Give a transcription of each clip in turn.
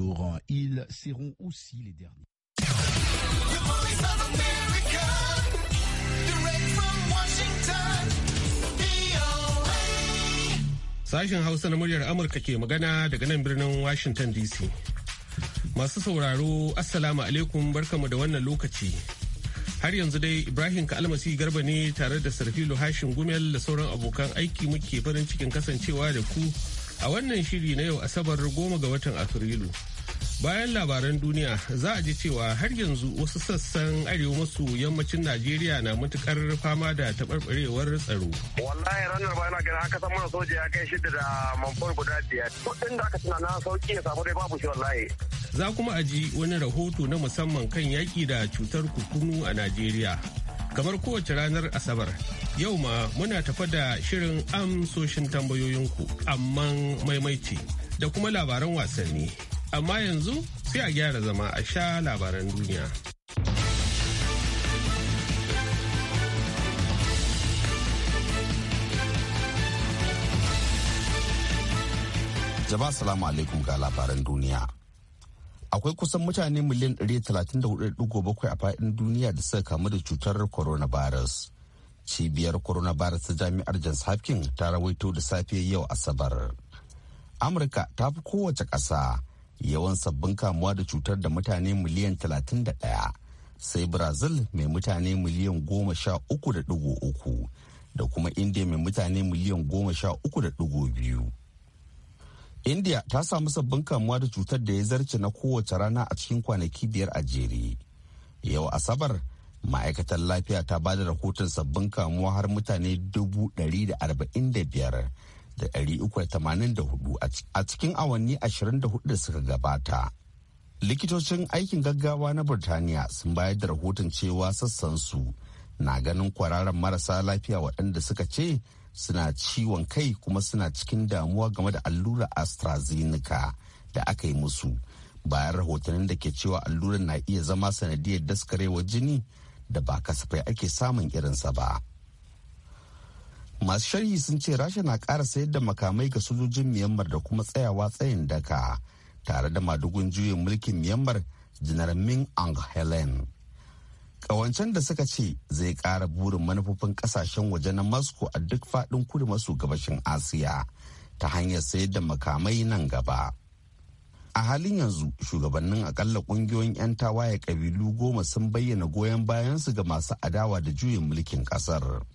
Euh, ils seront aussi les derniers. Sashen Hausa na muryar Amurka ke magana daga nan birnin Washington DC. Masu sauraro, Assalamu alaikum barkamu da wannan lokaci. Har yanzu dai Ibrahim Kalmasi Garba ne tare da Sarfilo Hashin Gumel da sauran abokan aiki muke farin cikin kasancewa da ku a wannan shiri na yau Asabar goma ga watan Afrilu. bayan labaran duniya za a ji cewa har yanzu wasu sassan arewa masu yammacin najeriya na matukar fama da taɓarɓarewar tsaro wallahi ranar bayan gani haka san mana soja ya kai shida da manfon guda biyar kudin da aka tunana sauki ya samu dai babu shi wallahi za kuma a ji wani rahoto na musamman kan yaƙi da cutar kukunu a najeriya kamar kowace ranar asabar yau ma muna tafa da shirin amsoshin tambayoyinku amma maimaici da kuma labaran wasanni amma yanzu sai a gyara zama a sha labaran duniya. Jama'a salamu alaikum ga labaran duniya. Akwai kusan mutane miliyan 134.7 a faɗin duniya da suka kamu da cutar coronavirus. Cibiyar coronavirus ta jami'ar Johns Hopkins ta rawaito da safe yau Asabar. Amurka ta fi kowace ƙasa yawan sabbin kamuwa da cutar da mutane miliyan 31 sai brazil mai mutane miliyan 13.3 da kuma india mai mutane miliyan 13.2 india ta samu sabbin kamuwa da cutar da ya zarce na kowace rana a cikin kwanaki biyar a jere yau asabar ma'aikatar lafiya ta ba da rahoton sabbin kamuwa har mutane 145 da 384 a cikin awanni 24 da suka gabata. Likitocin aikin gaggawa na Burtaniya sun bayar da rahoton cewa sassan su na ganin kwararan marasa lafiya waɗanda suka ce suna ciwon kai kuma suna cikin damuwa game da allura AstraZeneca da aka yi musu. Bayan rahotannin da ke cewa allurar na iya zama sanadiyar daskarewar jini da ba kasafai ake samun irinsa ba. masu sharhi sun ce rasha na ƙara sayar da makamai ga sojojin myanmar da kuma tsayawa tsayin daka tare da madugun juyin mulkin myanmar janar ming ang helen kawancen da suka ce zai kara burin manufofin kasashen waje na moscow a duk faɗin kudu maso gabashin asiya ta hanyar sayar da makamai nan gaba a halin yanzu shugabannin akalla ƙungiyoyin 'yan tawaye ƙabilu goma sun bayyana goyon bayansu ga masu adawa da juyin mulkin ƙasar.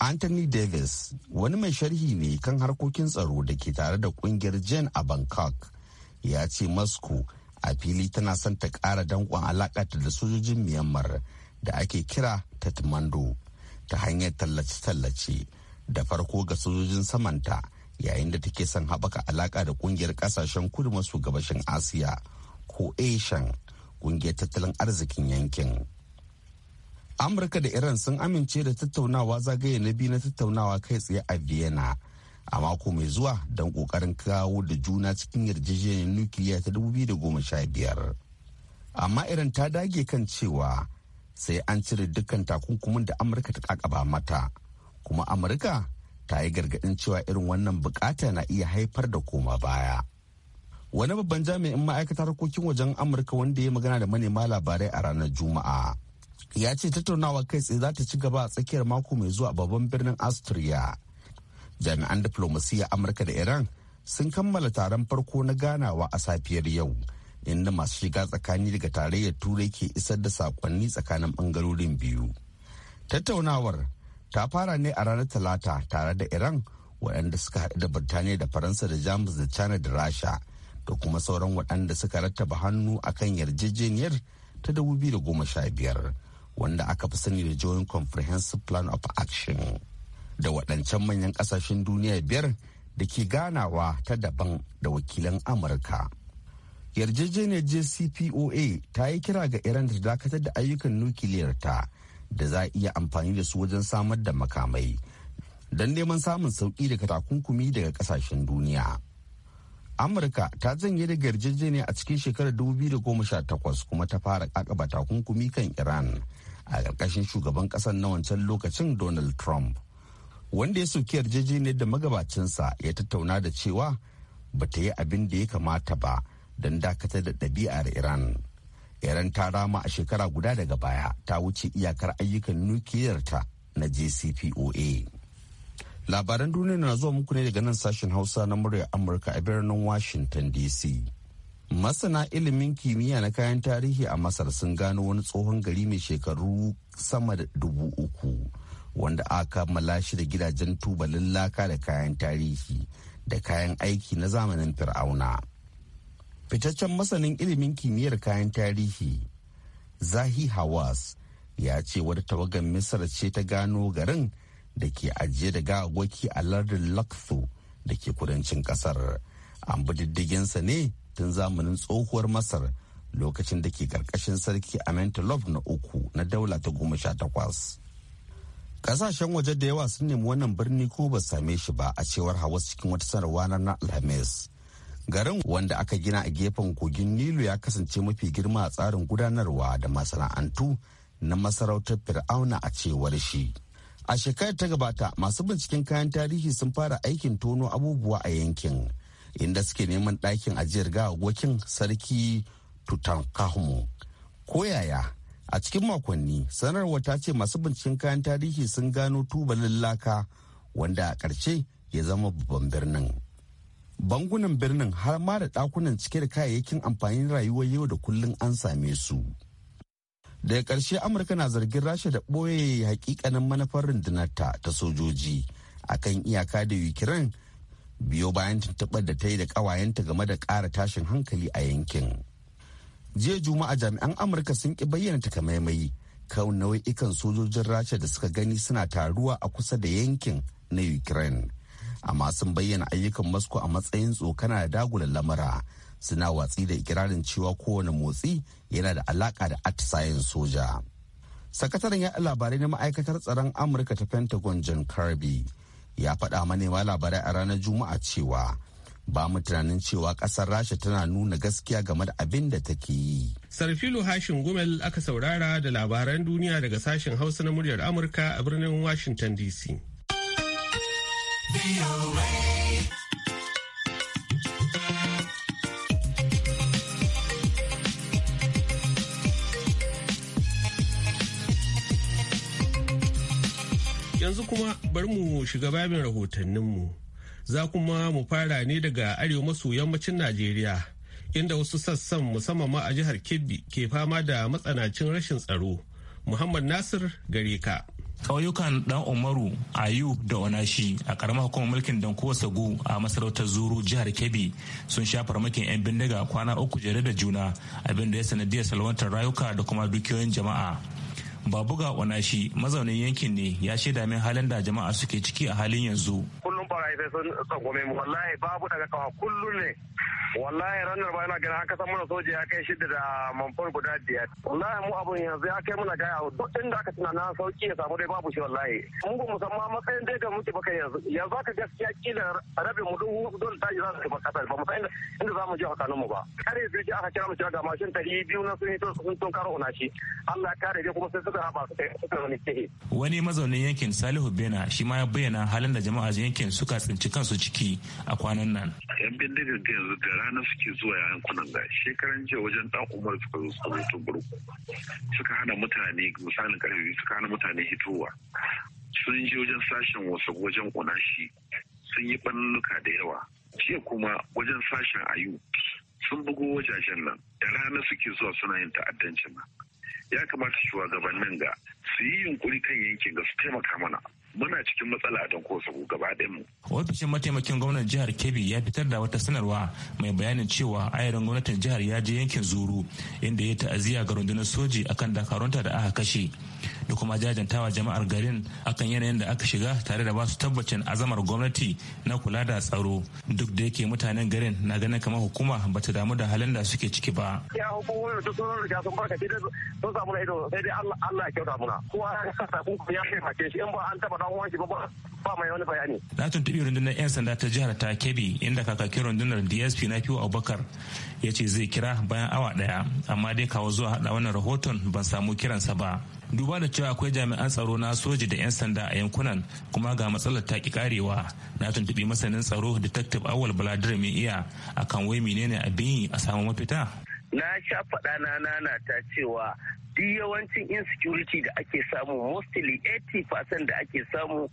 Anthony Davis wani mai sharhi ne kan harkokin tsaro da ke tare da kungiyar jane a Bangkok ya ce Moscow a fili tana son ta ƙara danƙon alaƙata da sojojin Myanmar da ake kira Tatmando ta hanyar tallace-tallace da farko ga sojojin samanta yayin da take son haɓaka alaƙa da kungiyar ƙasashen kudu maso gabashin Asiya ko Asian kungiyar tattalin arzikin yankin. amurka da iran sun amince da tattaunawa zagaye na biyu na tattaunawa kai tsaye a vienna a mako mai zuwa don kokarin kawo da juna cikin yarjejeniyar nukiliya ta 2015 amma iran ta dage kan cewa sai an cire dukkan takunkumin da amurka ta kakaba mata kuma amurka ta yi gargadin cewa irin wannan bukata na iya haifar da koma baya wani babban jami'in ma'aikatar harkokin wajen amurka wanda ya magana da manema labarai a ranar juma'a ya ce tattaunawa kai tsaye za ta ci gaba a tsakiyar mako mai zuwa babban birnin austria jami'an diplomasiyya amurka da iran sun kammala taron farko na ganawa a safiyar yau inda masu shiga tsakani daga tarayyar turai ke isar da sakonni tsakanin bangarorin biyu tattaunawar ta fara ne a ranar talata tare da iran waɗanda suka haɗu da birtaniya da faransa da jamus da china da rasha da kuma sauran waɗanda suka rattaba hannu akan yarjejeniyar ta 2015 wanda aka fi sani da joint comprehensive plan of action da waɗancan manyan ƙasashen duniya biyar da ke ganawa ta daban da wakilan amurka yarjejeniyar jcpoa ta yi kira ga iran da dakatar da ayyukan nukiliyarta da za a iya amfani da su wajen samar da makamai don neman samun sauƙi daga takunkumi daga ƙasashen duniya. amurka ta janye da yarjejeniya a cikin shekarar 2018 kuma ta fara kakaba takunkumi kan iran a ƙarƙashin shugaban ƙasar na wancan lokacin donald trump wanda ya soki yarjejeniyar da magabacinsa ya tattauna da cewa ba ta yi abin da ya kamata ba don dakatar da ɗabi'ar iran iran ta rama a shekara guda daga baya ta wuce iyakar ayyukan nukiliyarta na jcpoa Labaran duniya na zuwa muku ne daga nan sashen Hausa na muryar Amurka a birnin Washington DC. Masana ilimin kimiyya na kayan tarihi a Masar sun gano wani tsohon gari mai shekaru sama da dubu uku wanda aka kammala da gidajen tubalin laka da kayan tarihi da kayan aiki na zamanin fir'auna. Fitaccen masanin ilimin kimiyyar kayan tarihi Zahi hawas ya ce wata tawagar Misar ce ta gano garin da ke ajiye da agoki a lardin lakso da ke kudancin kasar an bi diddiginsa ne tun zamanin tsohuwar masar lokacin da ke karkashin sarki amentelov na uku na daula ta goma sha takwas kasashen waje da yawa sun nemi wannan birni ko ba same shi ba a cewar hawa cikin wata sanarwa na alhamis garin wanda aka gina a gefen kogin nilu ya kasance mafi girma a tsarin gudanarwa da masana'antu na masarautar fir'auna a cewar shi a shekarar ta gabata masu binciken kayan tarihi sun fara aikin tono abubuwa a yankin inda suke neman ɗakin ajiyar gawawwakin sarki tutankhamun ko yaya a cikin makonni sanarwa ta ce masu binciken kayan tarihi sun gano tubalin laka wanda a ƙarshe ya zama babban birnin bangunan birnin har ma da ɗakunan cike da kayayyakin amfanin rayuwar yau da kullum an same su daga ƙarshe amurka na zargin rasha da ɓoye hakikanin manufar rundunarta ta sojoji a kan iyaka da ukraine biyo bayan tuntuɓar da ta yi da ƙawayenta game da ƙara tashin hankali a yankin jiya juma'a jami'an amurka sun ƙi bayyana takamaimai kan nau'ikan sojojin rasha da suka gani suna taruwa a kusa da yankin na ukraine amma sun bayyana ayyukan masko a matsayin tsokana da dagula lamura suna watsi da ikirarin cewa kowane motsi yana da alaka da atisayen soja. Sakataren yaɗa labarai na ma'aikatar tsaron Amurka ta Pentagon John Kirby ya faɗa manema labarai a ranar Juma'a cewa ba mu tunanin cewa ƙasar Rasha tana nuna gaskiya game da abin da take yi. Sarfilu Hashin Gumel aka saurara da labaran duniya daga sashen Hausa na muryar Amurka a birnin Washington DC. Yanzu kuma bari mu shiga babin rahotanninmu. Za kuma mu fara ne daga arewa maso yammacin Najeriya, inda wasu sassan musamman ma a jihar Kebbi ke fama da matsanancin rashin tsaro. Muhammad Nasir gare ka. ƙauyukan dan umaru ayu da onashi a ƙaramar hukumar mulkin danko sagu a masarautar zuru jihar kebbi sun sha farmakin 'yan bindiga kwana uku jere da juna abinda ya sanadiyar salwantar rayuka da kuma dukiyoyin jama'a babu ga onashi mazaunin yankin ne ya shaida min halin da jama'a suke ciki a halin yanzu hannun fara sai sun tsangwame mu wallahi babu daga kawa kullum ne wallahi ranar ba yana gina aka san mana soja ya kai shida da manfar guda biyar wallahi mu abun yanzu ya kai muna gaya duk inda aka tunana sauki ya samu dai babu shi wallahi mun ba musamman matsayin dai da muke baka yanzu yanzu aka gaskiya kila rabin mu dubu dole tashi za su tafi kasar ba musamman inda za mu je hakanin mu ba kare su aka kira mu ga mashin ɗari biyu na sun yi hito sun tun karo na shi Allah ya kare dai kuma sai suka haɓa su kai suka wani wani mazaunin yankin Salihu Bena shi ma ya bayyana halin da jama'a yankin suka tsinci kansu ciki a kwanan nan. yan bindigar da yanzu da rana suke zuwa kunan ga shekaran jiya wajen dan umar suka zo suka zo burku suka hana mutane misalin karfi suka hana mutane hitowa sun je wajen sashen wasu wajen kunashi sun yi ɓannuka da yawa jiya kuma wajen sashen ayu sun bugo wajajen nan da rana suke zuwa suna yin ta'addancin nan ya kamata shugabannin ga su yi yunkuri kan yankin ga su taimaka mana muna cikin matsala don kosovo gaba mu. ofishin mataimakin gwamnan jihar kebbi ya fitar da wata sanarwa mai bayanin cewa ayarin gwamnatin jihar ya je yankin zuru inda ya ta'aziya ga rundunar soji akan dakarunta da aka kashe da kuma jajantawa jama'ar garin akan yanayin da aka shiga tare da basu tabbacin azamar gwamnati na kula da tsaro duk da yake mutanen garin na ganin kamar hukuma ba ta damu da halin da suke ciki ba. Ya hukumomi sun riga sun barka sai sun samu na ido sai dai Allah ya kyauta muna. Kowa ya kasa kuma ya kai shi in ba an taba dan shi ba ba mai wani bayani. Na tuntuɓi rundunar 'yan sanda ta jihar ta Kebbi inda kakakin rundunar DSP na Fiwo Abubakar ya ce zai kira bayan awa daya amma dai kawo zuwa haɗa wannan rahoton ban samu kiransa ba. duba da cewa akwai jami'an tsaro na soji da 'yan sanda a yankunan kuma ga matsalar ta karewa na tuntubi masanin tsaro detective awal baladir mai iya akan wai menene abin yi a samu mafita na sha faɗa na nana ta cewa duk yawancin insecurity da ake samu mostly 80% da ake samu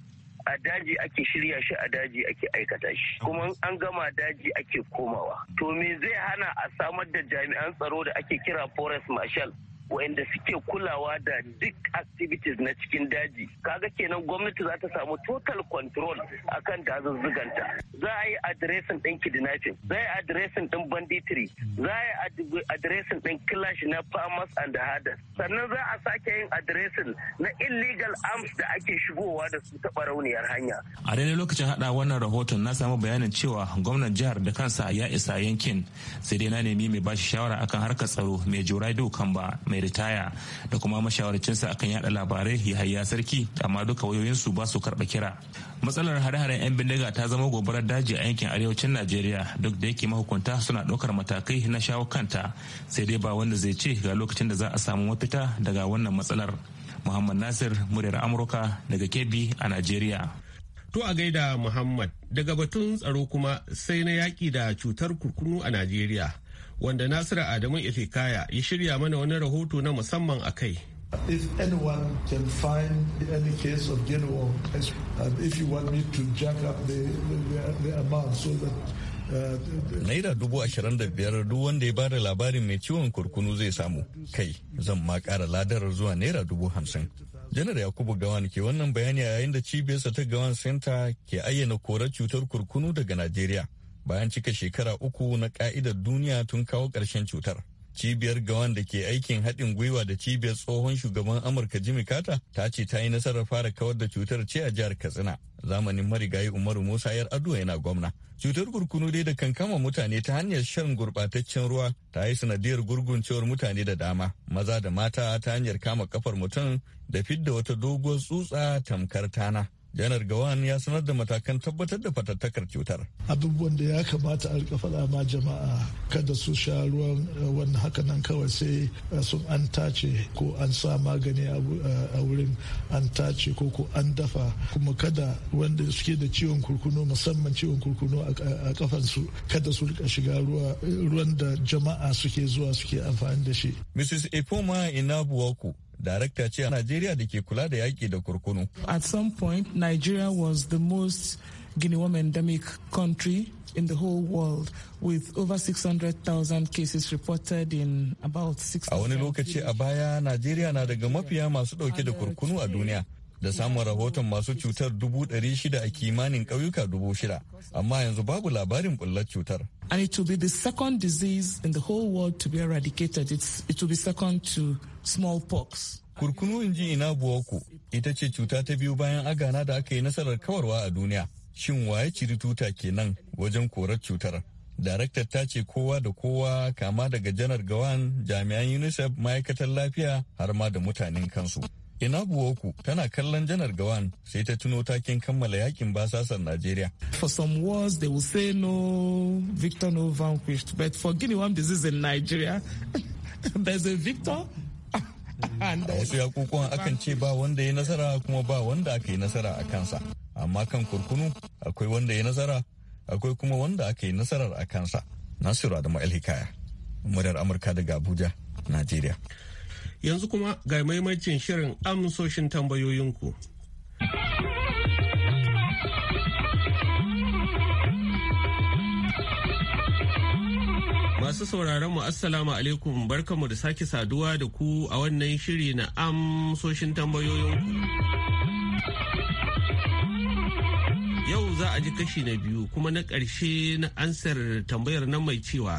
a daji ake shirya shi a daji ake aikata shi kuma an gama daji ake komawa to me zai hana a samar da jami'an tsaro da ake kira forest marshal waɗanda suke kulawa da duk activities na cikin daji kaga kenan gwamnati za ta samu total control akan dazuzzuganta za a yi adiresin ɗin kidnapping za a yi adiresin ɗin banditry za a yi adiresin ɗin clash na farmers and herders sannan za a sake yin adiresin na illegal arms da ake shigowa da su taɓa rauniyar hanya a daidai lokacin haɗa wannan rahoton na samu bayanin cewa gwamnan jihar da kansa ya isa yankin sai dai na nemi mai bashi shawara akan harkar tsaro mai juraido kamba mai ritaya da kuma mashawarcinsa akan yada labarai yahaya sarki amma duka wayoyinsu ba su karɓa kira matsalar hare-haren 'yan bindiga ta zama gobarar daji a yankin arewacin najeriya duk da yake mahukunta suna ɗaukar matakai na shawo kanta sai dai ba wanda zai ce ga lokacin da za a samu mafita daga wannan matsalar muhammad nasir muryar amurka daga kebbi a najeriya To a gaida Muhammad daga batun tsaro kuma sai na yaki da cutar kurkunu a Najeriya. wanda Nasiru Adamu Ifikaya ya shirya mana wani rahoto na musamman a kai. If anyone can find any case of general, if you want me to jack up the, amount so that uh, Naira dubu ashirin da biyar duk wanda ya bada labarin mai ciwon kurkunu zai samu. Kai, zan ma kara ladar zuwa Naira dubu hamsin. Janar Yakubu Gawan ke wannan bayani yayin da cibiyarsa ta Gawan Center ke ayyana korar cutar kurkunu daga Najeriya. bayan cika shekara uku na ka'idar duniya tun kawo ƙarshen cutar. Cibiyar Gawan da ke aikin haɗin gwiwa da cibiyar tsohon shugaban Amurka Jimmy Carter ta ce ta yi nasarar fara kawar da cutar ce a jihar Katsina. Zamanin marigayi Umaru Musa yar Ado yana gwamna. Cutar kurkunu dai da kan kama mutane ta hanyar shan gurɓataccen ruwa ta yi sanadiyar gurguncewar mutane da dama, maza da mata ta hanyar kama kafar mutum da fidda wata doguwar tsutsa tamkar tana. janar gawan ya sanar da matakan tabbatar da fatattakar cutar abubuwan da ya kamata a rika faɗa ma jama'a kada su sha ruwan eh, wani haka nan kawai sai eh, sun an tace ko an sa magani eh, a wurin an tace ko ko an dafa kuma kada wanda suke da ciwon kurkuno musamman ciwon kurkuno a kafansu kada su rika shiga ruwan da jama'a suke zuwa suke amfani da shi mrs ipoma inabuwaku darakta ce a Najeriya da ke kula da yaƙi da kurkunu. At some point, Nigeria was the most Guinea-endemic country in the whole world with over 600,000 cases reported in about 60 A wani lokaci a baya Najeriya na daga mafiya masu ɗauke da kurkunu a duniya da samun rahoton masu cutar dubu ɗari shida a kimanin ƙauyuka dubu shida amma yanzu babu labarin bullar cutar. And it will be the second disease in the whole world to be eradicated. It's, it will be second to smallpox. Kurkunu in ji ina buwaku ita ce cuta ta biyu bayan agana da aka yi nasarar kawarwa a duniya. Shin waye ciri tuta kenan wajen korar cutar? Daraktar ta ce kowa da kowa kama daga janar gawan jami'an UNICEF ma'aikatar lafiya har ma da mutanen kansu. ina buwoku tana kallon janar gawan sai ta tuno takin kammala yakin basasar najeriya for some wars they will say no victor no vanquished but for guinea worm disease in nigeria there's a victor a wasu yakukuwan akan ce ba wanda ya nasara kuma ba wanda aka yi nasara a kansa amma kan kurkunu akwai wanda ya nasara akwai kuma wanda aka yi nasarar a kansa nasiru adamu alhikaya murar amurka daga abuja najeriya Yanzu kuma ga maimacin shirin amsoshin tambayoyinku. Masu sauraron mu Assalamu alaikum barkamu da sake saduwa da ku a wannan shiri na amsoshin tambayoyinku. Yau za a ji kashi na biyu kuma na ƙarshe na ansar tambayar nan mai cewa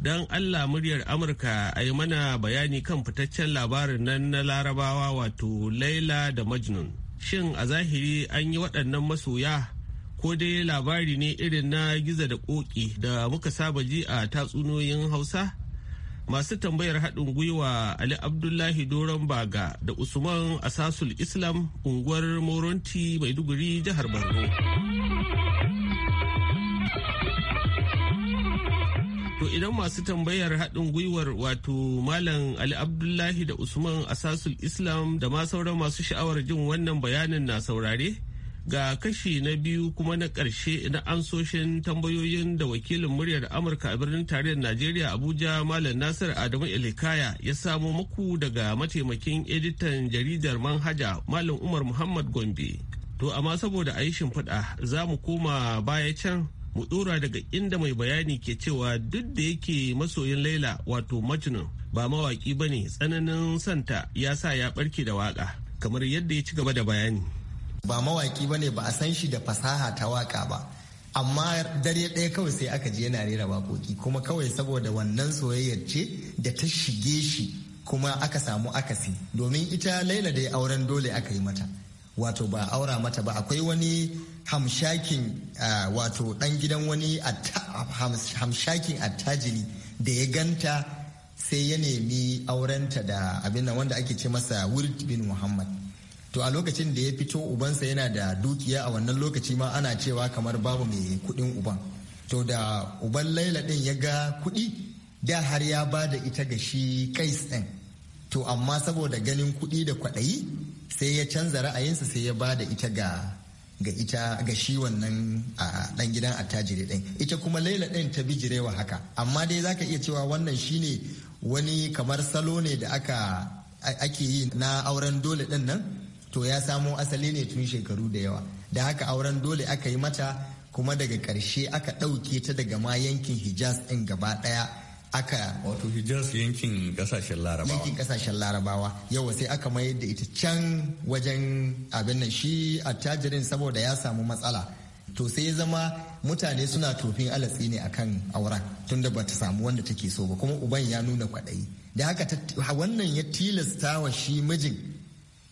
don allah muryar amurka a yi mana bayani kan fitaccen labarin nan na larabawa wato laila da majnun shin a zahiri an yi waɗannan masoya ko dai labari ne irin na giza da koki da muka saba ji a tatsuniyoyin hausa masu tambayar haɗin gwiwa ali abdullahi doron baga da usman asasul islam unguwar moronti maiduguri jihar borno To idan masu tambayar haɗin gwiwar wato Malam Ali Abdullahi da Usman Asasul Islam da ma sauran masu sha'awar jin wannan bayanin na saurare ga kashi na biyu kuma na ƙarshe na ansoshin tambayoyin da wakilin muryar Amurka a birnin tarayyar Najeriya Abuja Malam Nasir Adamu Elikaya ya samo muku daga mataimakin editan jaridar Manhaja Malam Umar Muhammad Gombe. To amma saboda a yi shimfiɗa za mu koma baya can mu dora daga inda mai bayani ke cewa duk da yake masoyin laila wato majnun ba mawaki ba ne tsananin santa ya sa ya barke da waka kamar yadda ya ci gaba da bayani ba mawaki ba ne ba a san shi da fasaha ta waka ba amma dare ɗaya kawai sai aka je yana rera waƙoƙi kuma kawai saboda wannan soyayyar ce da ta shige shi kuma aka samu akasi domin ita laila dai auren dole aka yi mata wato ba aura mata ba akwai wani hamshakin wato dan gidan wani hamshakin attajiri da ya ganta sai ya nemi aurenta da abin nan wanda ake ce masa Wurt bin muhammad to a lokacin da ya fito ubansa yana da dukiya a wannan lokaci ma ana cewa kamar babu mai kudin uban to da uban laila din ya ga kudi da har ya ba da ita ga shi kais din to amma saboda ganin kudi da kwaɗayi sai ya canza ra'ayinsa sai ya ba da ita ga ga ita ga shi wannan a dan gidan attajiri din ita kuma laila din ta bijirewa haka amma dai zaka iya cewa wannan shine wani kamar salo ne da aka ake yi na auren dole din nan to ya samo asali ne tun shekaru da yawa da haka auren dole aka yi mata kuma daga karshe aka ɗauke ta daga ma yankin hijaz din gaba daya. aka wato hijaz yankin kasashen larabawa yankin kasashen larabawa yawa sai aka mayar da ita can wajen abin nan shi attajirin saboda ya samu matsala to sai ya zama mutane suna tofin alatsi ne akan auren tunda bata samu wanda take so ba kuma uban ya nuna kwaɗayi da haka wannan ya tilasta wa shi mijin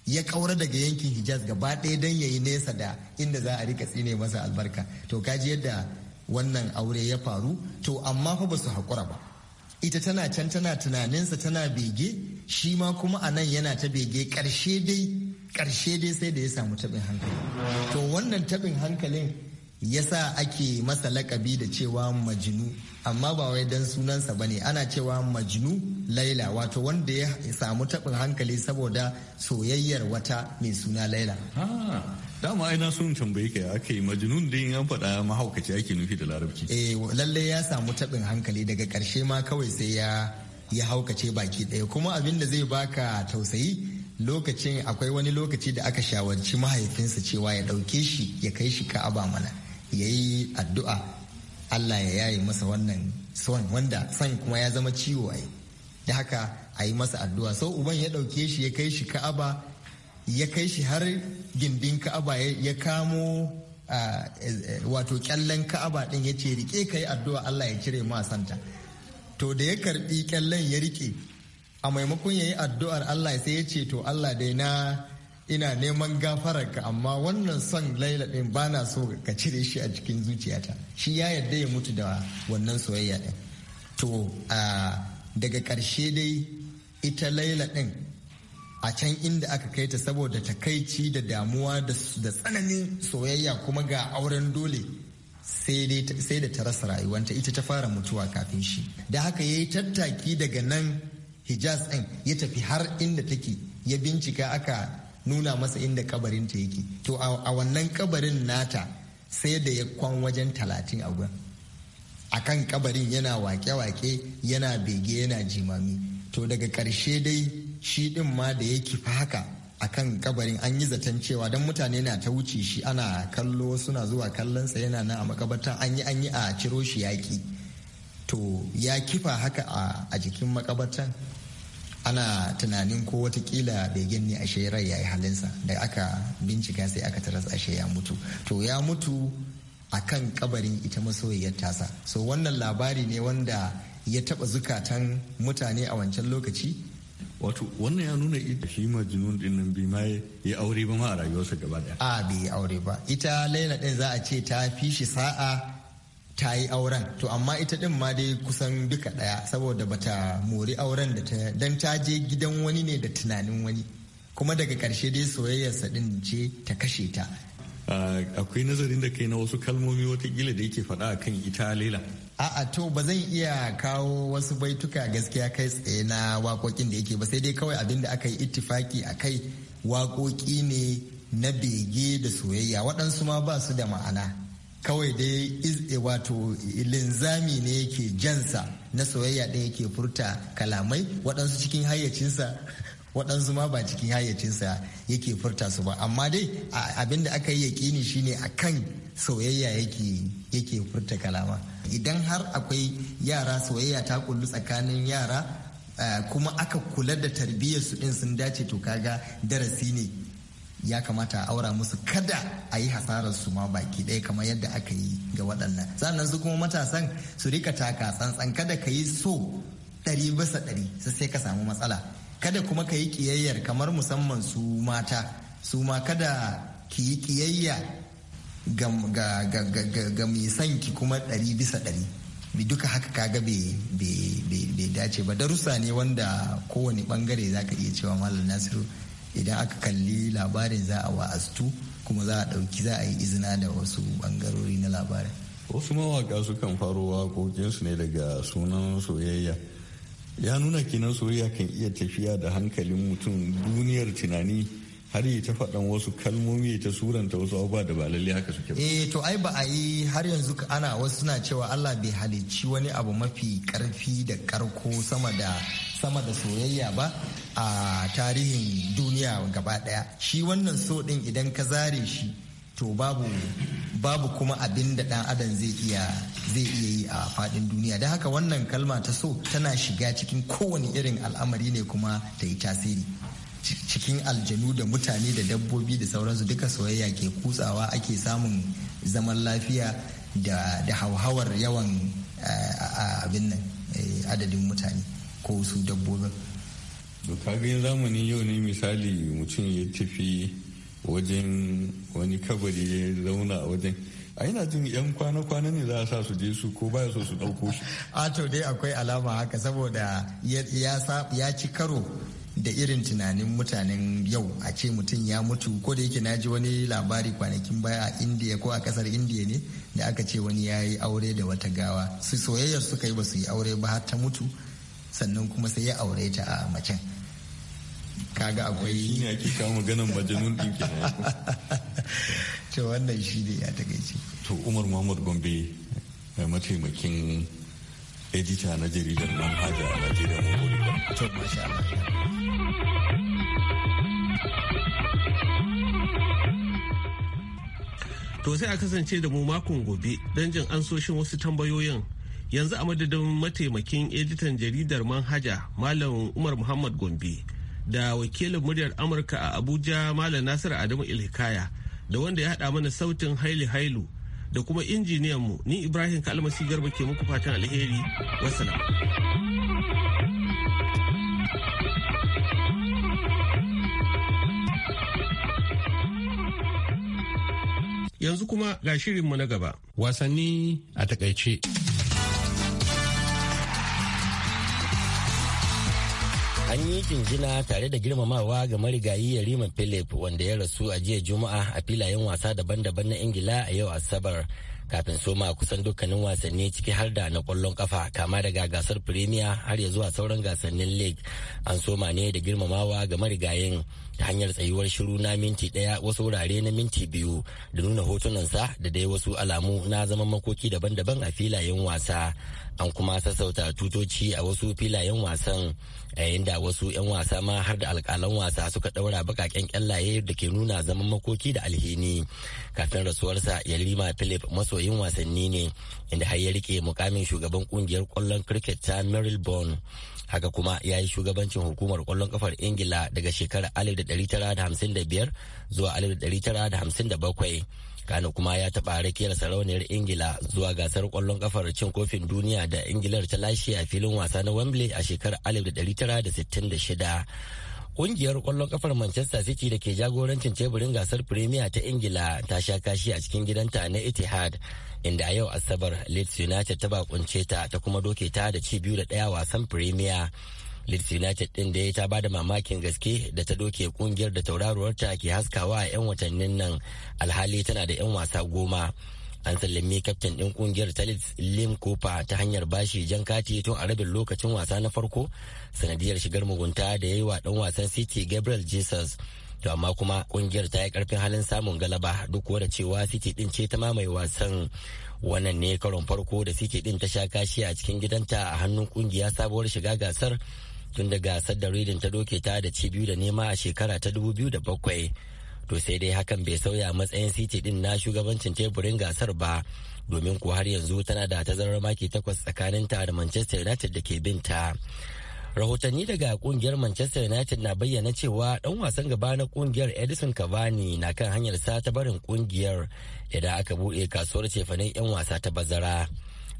ya kaura daga yankin hijaz gaba ɗaya don ya yi nesa da inda za a rika tsine masa albarka to kaji yadda wannan aure ya faru to amma fa ba su haƙura ba ita tana can tana tunaninsa tana bege shi ma kuma a nan yana ta bege ƙarshe dai ƙarshe dai sai da ya samu taɓin hankali to wannan taɓin hankalin ya sa ake masa lakabi da cewa majinu amma ba wai dan sunansa ba ne ana cewa majinu laila wato wanda ya samu taɓin hankali saboda soyayyar wata mai suna laila ah. dama ai na sun tambaye ka aka yi majnun din an faɗa mahaukaci ake nufi da larabci eh lalle ya samu tabin hankali daga karshe ma kawai sai ya ya haukace baki ɗaya kuma abin da zai baka tausayi lokacin akwai wani lokaci da aka shawarci mahaifinsa cewa ya ɗauke shi ya kai shi ka aba mana ya yi addu'a allah ya yaye masa wannan son wanda son kuma ya zama ciwo ai da haka a yi masa addu'a sau uban ya ɗauke shi ya kai shi ka'aba ya kai shi har gindin ka'aba ya kamo e, e, wato kyallen ka'aba din ya ce rike ka yi addu'a Allah ya cire ma santa to da ya karbi kyallen ya rike a maimakon ya yi addu'ar Allah sai ya ce to Allah dai na ina neman gafararka amma wannan son laila din ba na so ka cire shi a cikin zuciyata shi ya yarda ya mutu da wannan soyayya din to daga karshe dai ita laila din a can inda aka kai ta saboda takaici da damuwa da tsananin soyayya kuma ga auren dole sai da ta rasa rayuwanta ita ta fara mutuwa kafin shi da haka ya yi tattaki daga nan hijaz ɗin ya tafi har inda take ya bincika aka nuna masa inda kabarin ta yake to a wannan kabarin nata sai da ya kwan wajen talatin a gurin a kan kabarin yana wake-wake yana bege yana jimami to daga ƙarshe dai shi din ma da yake fa haka akan kabarin an yi zaton cewa don mutane na ta wuce shi ana kallo suna zuwa kallon sa yana nan a makabartan an yi an yi a ciro shi yaƙi to ya kifa haka a jikin makabartan ana tunanin ko watakila bai ne ashe rai ya yi halinsa da aka bincika sai aka taras ashe ya mutu to ya mutu a kan kabarin ita masoyiyar tasa so wannan labari ne wanda ya taba zukatan mutane a wancan lokaci wato wannan ya nuna ita shi majnun din nan bi ma ya aure ba ma a rayuwarsa gaba daya a bi aure ba ita laila din za a ce ta fi shi sa'a ta yi auren to amma ita din ma dai kusan duka daya saboda bata mori auren da ta dan ta je gidan wani ne da tunanin wani kuma daga karshe dai soyayyarsa din ce ta kashe ta akwai nazarin da kai na wasu kalmomi watakila da yake faɗa kan ita lela a'a to ba zan iya kawo wasu baituka gaskiya kai tsaye na waƙoƙin da yake ba sai dai kawai abin da aka yi ittifaki a kai waƙoƙi ne na bege da soyayya waɗansu ma ba su da ma'ana kawai dai eh, wato linzami ne yake jansa na soyayya ɗaya yake furta kalamai waɗansu cikin hayyacinsa waɗansu ma ba cikin hayyacinsa yake furta su ba amma dai abin da aka yi yaƙini shine a kan soyayya yake furta kalama idan har akwai yara soyayya ta kullu tsakanin yara kuma aka kula da tarbiyyar su ɗin sun dace to kaga darasi ne ya kamata a aura musu kada a yi hasarar su ma baki ɗaya kamar yadda aka yi ga waɗannan sannan su kuma matasan su rika taka tsantsan kada ka yi so ɗari bisa ɗari sai ka samu matsala kada kuma ka yi ƙiyayyar kamar musamman su mata su ma kada ki yi ƙiyayya ga, ga, mai son ki kuma ɗari bisa ɗari duka haka ka ga bai dace ba darussa ne wanda kowane bangare za ka iya cewa malam nasiru idan aka kalli labarin za a wa'astu kuma za a ɗauki za a yi izina da wasu bangarori na labarin wasu mawaƙa sukan faro waƙoƙinsu ne daga sunan soyayya ya nuna kenan soyayya kan iya tafiya da hankalin mutum duniyar tunani har yi ta faɗan wasu kalmomi ta suranta wasu abubuwa da ba lalle haka suke ba. Eh to ai ba a yi har yanzu ana wasu suna cewa Allah bai halicci wani abu mafi karfi da karko sama da sama da soyayya ba a tarihin duniya gaba ɗaya. Shi wannan so ɗin idan ka zare shi to babu babu kuma abin da dan adam zai iya zai iya yi a fadin duniya don haka wannan kalma ta so tana shiga cikin kowane irin al'amari ne kuma ta yi tasiri cikin aljanu da mutane da dabbobi da sauransu duka soyayya ke kutsawa ake samun zaman lafiya da, hauhawar yawan eh, abin nan eh, adadin mutane ko su dabbobin. to zamanin yau ne misali mutum ya tafi wajen wani kabari ya zauna a wajen a yana jin yan kwana-kwana ne za a sa su je su ko baya so su ɗauko shi a to dai akwai alama haka saboda ya ci karo da irin tunanin mutanen yau a ce mutum ya mutu ko da yake naji wani labari kwanakin baya a indiya ko a kasar indiya ne da aka ce wani ya yi aure da wata gawa su soyayyar suka yi ba su yi aure ba har ta mutu sannan kuma sai ya aure ta a macen kaga akwai shi ne ake kawo maganan majanun din kenan to wannan shi ne ya takaice to Umar Muhammad Gombe eh, mataimakin edita na jaridar Manhaja a Najeriya Mobile to masha To sai a kasance da mu makon gobe don jin ansoshin wasu tambayoyin. Yanzu a madadin mataimakin editan jaridar Manhaja Malam Umar Muhammad Gombe da wakilin muryar amurka a abuja malam nasiru adamu ilhikaya da wanda ya haɗa mana sautin haili hailu da kuma mu ni ibrahim kalmasi garba ke muku fatan alheri wasalam yanzu kuma ga shirinmu na gaba wasanni a takaice an yi jinjina tare da girmamawa ga marigayi yarima philip wanda ya rasu a jiya juma'a a filayen wasa daban-daban na ingila a yau asabar kafin soma kusan dukkanin wasanni ciki har da na kwallon kafa kama daga gasar premier har ya zuwa sauran gasannin league an soma ne da girmamawa ga marigayin ta hanyar tsayuwar shiru na minti ɗaya wasu wurare na minti biyu da nuna hotunansa da dai wasu alamu na zaman makoki daban-daban a filayen wasa an kuma sassauta tutoci a wasu filayen wasan yayin da wasu 'yan wasa ma har da alkalan wasa suka ɗaura bakaken kyallaye da ke nuna zaman makoki da alhini kafin rasuwarsa yalima philip masoyin wasanni ne inda har ya rike mukamin shugaban kungiyar kwallon cricket ta marylebone haka kuma ya yi shugabancin hukumar kwallon kafar ingila daga shekarar 1955 zuwa 1957 kano kuma ya taɓa rakiyar sarauniyar ingila zuwa gasar kwallon kafar cin kofin duniya da ingilar ta lashe a filin wasa na wembley a shekarar 1966 Kungiyar kwallon kafar Manchester City da ke jagorancin teburin gasar Premier ta Ingila ta sha kashi a cikin gidanta na Etihad inda a yau Asabar Leeds United ta bakunce ta ta kuma doke ta da ci biyu da ɗaya wasan Premier. Leeds United ɗin da ya ta bada mamakin gaske da ta doke kungiyar da tauraruwarta ke haskawa a 'yan watannin nan alhali tana da 'yan wasa goma. an sallame kaftan ɗin kungiyar ta lim kofa ta hanyar bashi jan kati tun a rabin lokacin wasa na farko sanadiyar shigar mugunta da ya wa ɗan wasan city gabriel jesus to amma kuma ƙungiyar ta yi karfin halin samun galaba duk da cewa city ɗin ce ta mamaye wasan wannan ne karon farko da city ɗin ta sha kashi a cikin gidanta a hannun kungiya sabuwar shiga gasar tun da gasar da reading ta doke ta da ci biyu da nema a shekara ta 2007 to sai dai hakan bai sauya matsayin city din na shugabancin teburin gasar ba domin ko har yanzu tana da tazarar maki takwas tsakanin ta da manchester united da ke binta rahotanni daga kungiyar manchester united na bayyana cewa dan wasan gaba na kungiyar edison cavani na kan hanyar sa ta barin kungiyar idan aka buɗe kasuwar cefanen 'yan wasa ta bazara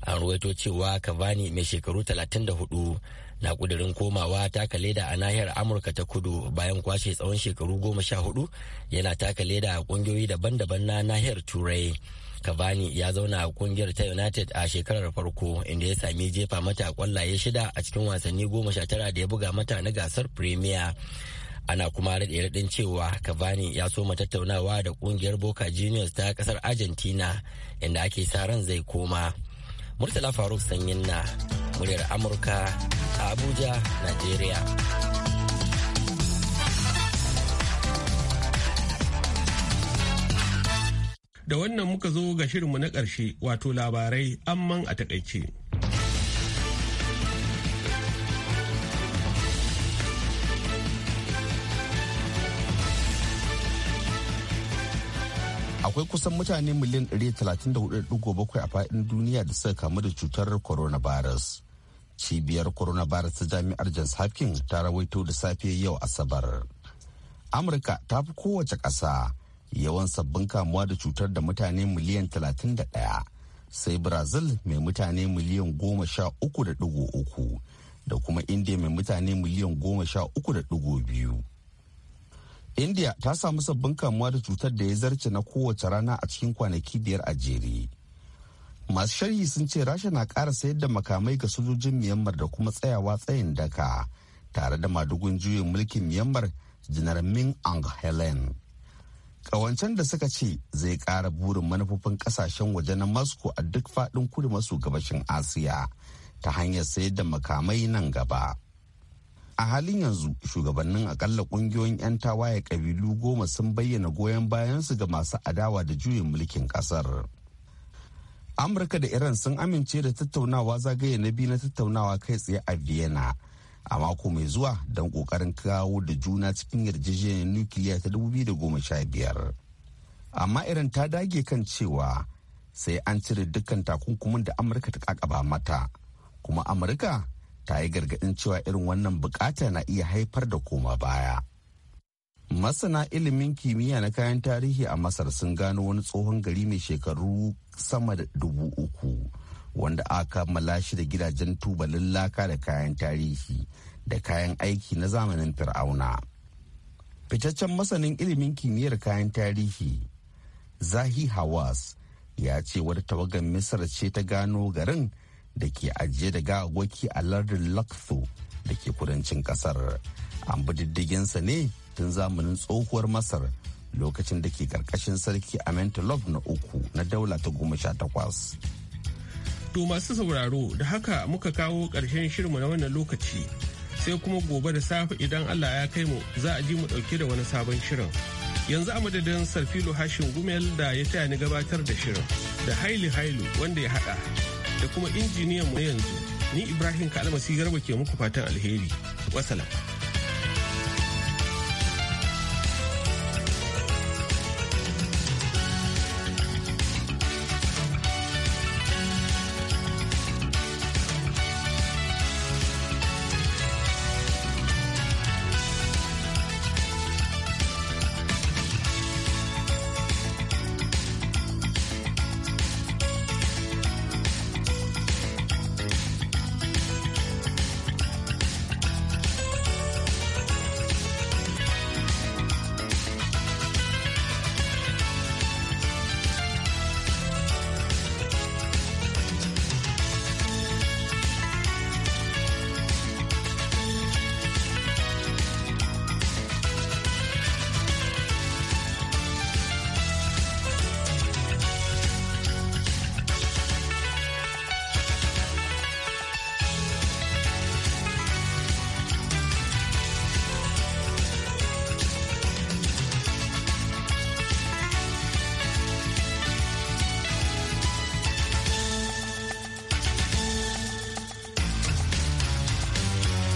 an ruwaito cewa cavani mai shekaru 34 na kudirin komawa taka leda a nahiyar amurka ta kudu bayan kwashe tsawon shekaru goma sha hudu yana taka leda a kungiyoyi daban-daban na nahiyar turai cavani ya zauna a kungiyar ta united a shekarar farko inda ya sami jefa mata kwallaye shida a cikin wasanni goma sha tara da ya buga mata na gasar premier ana kuma raɗe raɗin cewa cavani ya soma tattaunawa da kungiyar boca juniors ta ƙasar argentina inda ake sa ran zai koma Murtala Faruk Sanyin na muryar Amurka a Abuja, Najeriya. Da wannan muka zo ga shirinmu na ƙarshe wato labarai amman a takaice. akwai kusan mutane miliyan 134.7 a faɗin duniya da suka kamu da cutar coronavirus cibiyar coronavirus ta jami'ar johns hopkins ta rawaito da safe yau asabar amurka ta fi kowace ƙasa yawan sabbin kamuwa da cutar da mutane miliyan 31 sai brazil mai mutane miliyan 13.3 da kuma india mai mutane miliyan sha biyu. india ta samu sabbin kamuwa da cutar da ya zarce na kowace rana a cikin kwanaki biyar a jere masu sharhi sun ce rasha na ƙara sayar da makamai ga sojojin myanmar da kuma tsayawa tsayin daka tare da madugun juyin mulkin myanmar janar ming ang helen kawancen da suka ce zai ƙara burin manufofin kasashen waje na moscow a duk faɗin kudu maso gabashin asiya ta hanyar sayar da makamai nan gaba a halin yanzu shugabannin akalla kungiyoyin 'yan tawaye kabilu goma sun bayyana goyon bayansu ga masu adawa da juyin mulkin kasar amurka da iran sun amince da tattaunawa zagaye na biyu na tattaunawa kai tsaye a vienna a mako mai zuwa don kokarin kawo da juna cikin yarjejeniyar nukiliya ta 2015 amma iran ta dage kan cewa sai an cire dukkan takunkumin da amurka ta kakaba mata kuma amurka ta yi gargaɗin cewa irin wannan bukata na iya haifar da koma baya. Masana ilimin kimiyya na kayan tarihi a Masar sun gano wani tsohon gari mai shekaru sama da dubu uku wanda aka malashi da gidajen tubalin laka da kayan tarihi da kayan aiki na zamanin fir'auna. Fitaccen masanin ilimin kimiyyar kayan tarihi Zahi Hawass ya ce wata tawagar Misar ce ta gano garin da ke ajiye da gawagoki a lardin Lakso da ke kudancin kasar. An bi diddiginsa ne tun zamanin tsohuwar Masar lokacin da ke karkashin sarki Amentelov na uku na daula ta goma sha takwas. To masu sauraro da haka muka kawo ƙarshen shirmu na wannan lokaci sai kuma gobe da safe idan Allah ya kai mu za a ji mu ɗauke da wani sabon shirin. Yanzu a madadin Sarfilo Hashin Gumel da ya taya ni gabatar da shirin da Haili Hailu wanda ya haɗa. da kuma injiniyan mu yanzu ni ibrahim kalmasi garba ke muku fatan alheri wasalam